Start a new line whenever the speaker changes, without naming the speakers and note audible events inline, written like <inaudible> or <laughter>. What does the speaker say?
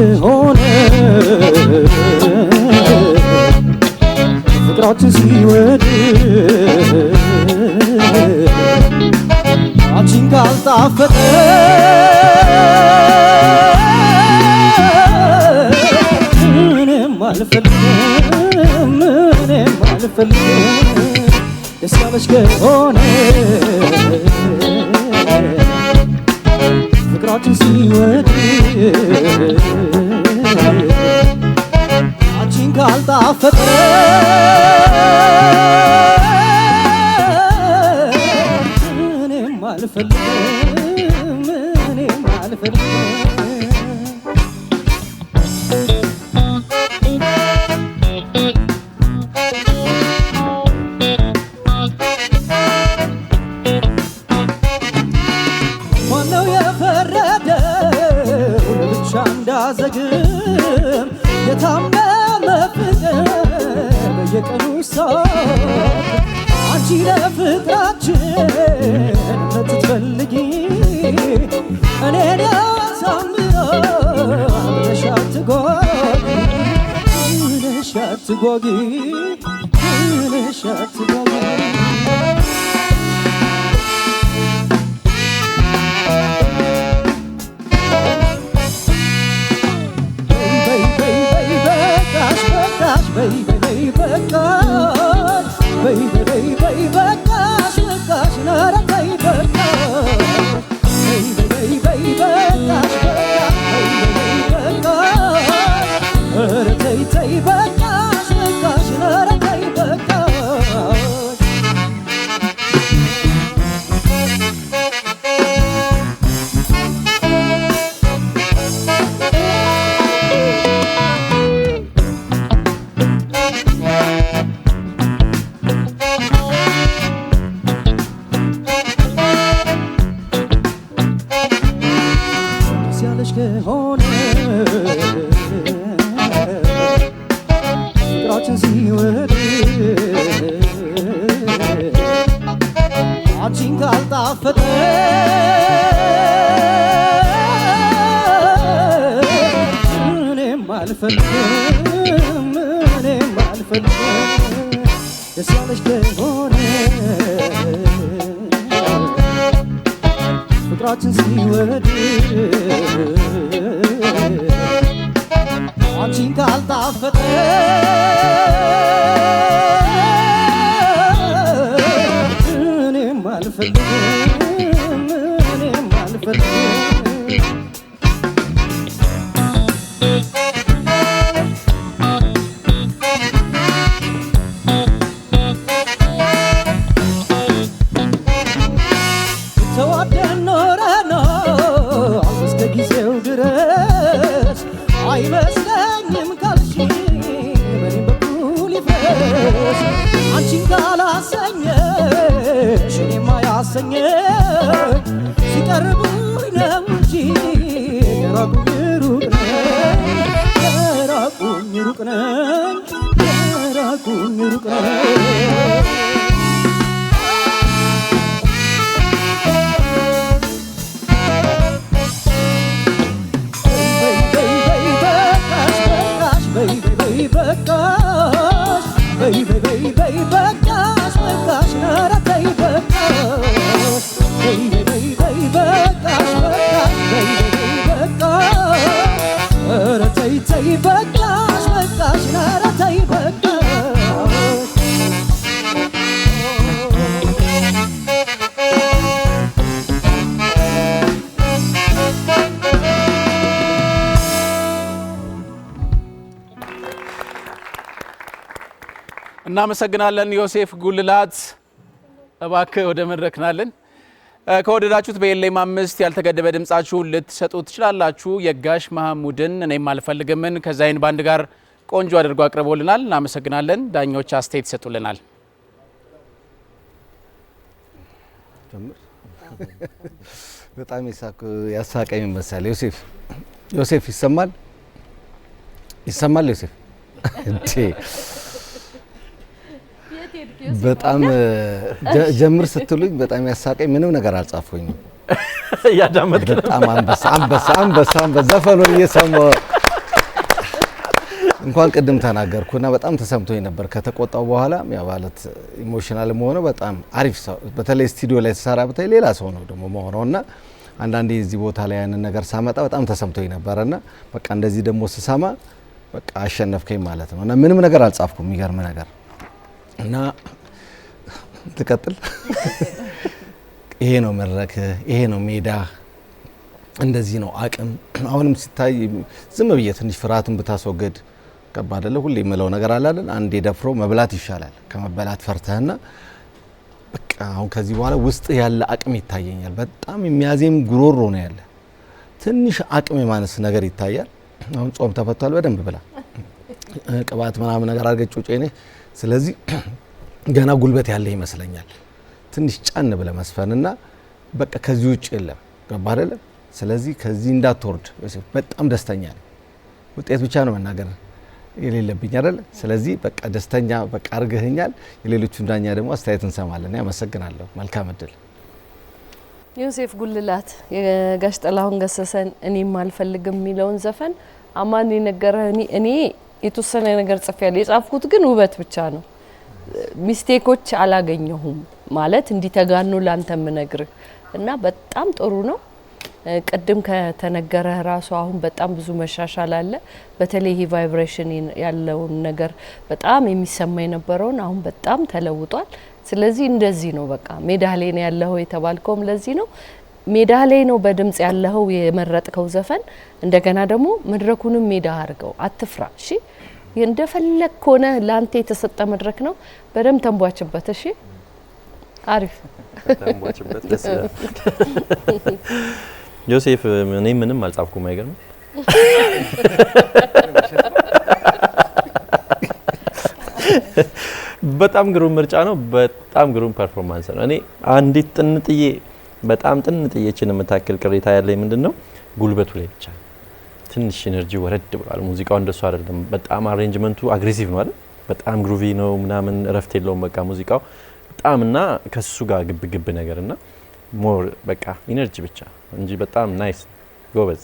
እንደሆነ ፍቅራችን ሲወድ አችን ካልጣፈጠ ምንም አልፈልግም ምንም አልፈልግም ደስ ከሆነ ፍቅራችን ሲወድ ነው የፈረደው ብቻ እንዳዘግም የታመመ ፍቅር በየቀኑ አንቺ ለፍቅራችን እኔን ብለሽ ከሆነ ፍቅራችን ሲወድ አንቺን ካልጣፈጠ እኔም አልፈልግም እኔም አልፈልግም ደስ ያለሽ ከሆነ ፍቅራችን ሲወድ አልፈጥንም አልፈጥንም እኔም አልፈጥንም አይመስለኝም ካል ያለሽ አንቺን ካላሰኘሽ እኔማ ያሰኘ ሲቀርቡኝ ነው እንጂ የራቁኝ ሩቅ ነኝ የራቁኝ ሩቅ ነኝ የራቁኝ ሩቅ ነኝ በቃሽ
እናመሰግናለን። ዮሴፍ ጉልላት እባክህ ወደ መድረክ ናለን። ከወደዳችሁት በኤሌም አምስት ያልተገደበ ድምጻችሁን ልትሰጡ ትችላላችሁ። የጋሽ መሐሙድን እኔም አልፈልግምን ከዛይን ባንድ ጋር ቆንጆ አድርጎ አቅርቦልናል። እናመሰግናለን። ዳኞች አስተያየት ይሰጡልናል።
በጣም ያሳቀኝ ይመስላል። ዮሴፍ ዮሴፍ ይሰማል ይሰማል ዮሴፍ በጣም ጀምር ስትሉኝ በጣም ያሳቀኝ ምንም ነገር አልጻፈኝም። እያዳመጥ <laughs> በጣም አንበሳ አንበሳ አንበሳ እየሰማሁ እንኳን ቅድም ተናገርኩና በጣም ተሰምቶኝ ነበር። ከተቆጣው በኋላ ማለት ኢሞሽናል መሆነ በጣም አሪፍ ሰው፣ በተለይ ስቱዲዮ ላይ ተሰራ ብታይ ሌላ ሰው ነው ደግሞ መሆነው እና አንዳንዴ እዚህ ቦታ ላይ ያንን ነገር ሳመጣ በጣም ተሰምቶኝ ነበረና በቃ እንደዚህ ደግሞ ስሰማ በቃ አሸነፍከኝ ማለት ነው እና ምንም ነገር አልጻፍኩም የሚገርም ነገር እና ትቀጥል ይሄ ነው መድረክ፣ ይሄ ነው ሜዳ፣ እንደዚህ ነው አቅም። አሁንም ሲታይ ዝም ብዬ ትንሽ ፍርሃትን ብታስወገድ ከባድ አለ። ሁሌ የምለው ነገር አላለን አንዴ ደፍሮ መብላት ይሻላል ከመበላት ፈርተህና በቃ አሁን ከዚህ በኋላ ውስጥ ያለ አቅም ይታየኛል። በጣም የሚያዜም ጉሮሮ ነው ያለ። ትንሽ አቅም የማነስ ነገር ይታያል። አሁን ጾም ተፈቷል። በደንብ ብላ ቅባት ምናምን ነገር አድርገህ ውጭ ኔ ስለዚህ <clears throat> ገና ጉልበት ያለ ይመስለኛል። ትንሽ ጫን ብለ መስፈንና በቃ ከዚህ ውጭ የለም። ገባ አይደለም? ስለዚህ ከዚህ እንዳትወርድ በጣም ደስተኛ ነኝ። ውጤት ብቻ ነው መናገር የሌለብኝ አይደለ? ስለዚህ በቃ ደስተኛ በቃ አርገህኛል። የሌሎቹን ዳኛ ደግሞ አስተያየት እንሰማለን። አመሰግናለሁ። መልካም እድል።
ዮሴፍ ጉልላት የጋሽ ጥላሁን ገሰሰን እኔም አልፈልግም የሚለውን ዘፈን አማን የነገረ እኔ የተወሰነ ነገር ጽፌ የጻፍኩት ግን ውበት ብቻ ነው። ሚስቴኮች አላገኘሁም ማለት እንዲተጋኑ ላንተ የምነግርህ እና በጣም ጥሩ ነው። ቅድም ከተነገረ ራሱ አሁን በጣም ብዙ መሻሻል አለ። በተለይ ይሄ ቫይብሬሽን ያለውን ነገር በጣም የሚሰማ የነበረውን አሁን በጣም ተለውጧል። ስለዚህ እንደዚህ ነው በቃ ሜዳ ላይ ነው ያለኸው የተባልከውም ለዚህ ነው። ሜዳ ላይ ነው በድምጽ ያለኸው የመረጥከው ዘፈን። እንደገና ደግሞ መድረኩንም ሜዳ አድርገው አትፍራ እሺ። እንደፈለግ ከሆነ ለአንተ የተሰጠ መድረክ ነው። በደም ተንቧችበት። እሺ፣ አሪፍ ተንቧችበት። ደስ
ይላል። ዮሴፍ፣ እኔ ምንም አልጻፍኩም። አይገርም በጣም ግሩም ምርጫ ነው። በጣም ግሩም ፐርፎርማንስ ነው። እኔ አንዲት ጥንጥዬ በጣም ጥንጥዬችን የምታክል ቅሬታ ያለኝ ምንድን ነው ጉልበቱ ላይ ብቻ ትንሽ ኢነርጂ ወረድ ብሏል። ሙዚቃው እንደሱ አይደለም። በጣም አሬንጅመንቱ አግሬሲቭ ነው አይደል? በጣም ግሩቪ ነው ምናምን፣ እረፍት የለውም በቃ ሙዚቃው በጣም እና ከሱ ጋር ግብ ግብ ነገር እና ሞር በቃ ኢነርጂ ብቻ እንጂ በጣም ናይስ ጎበዝ።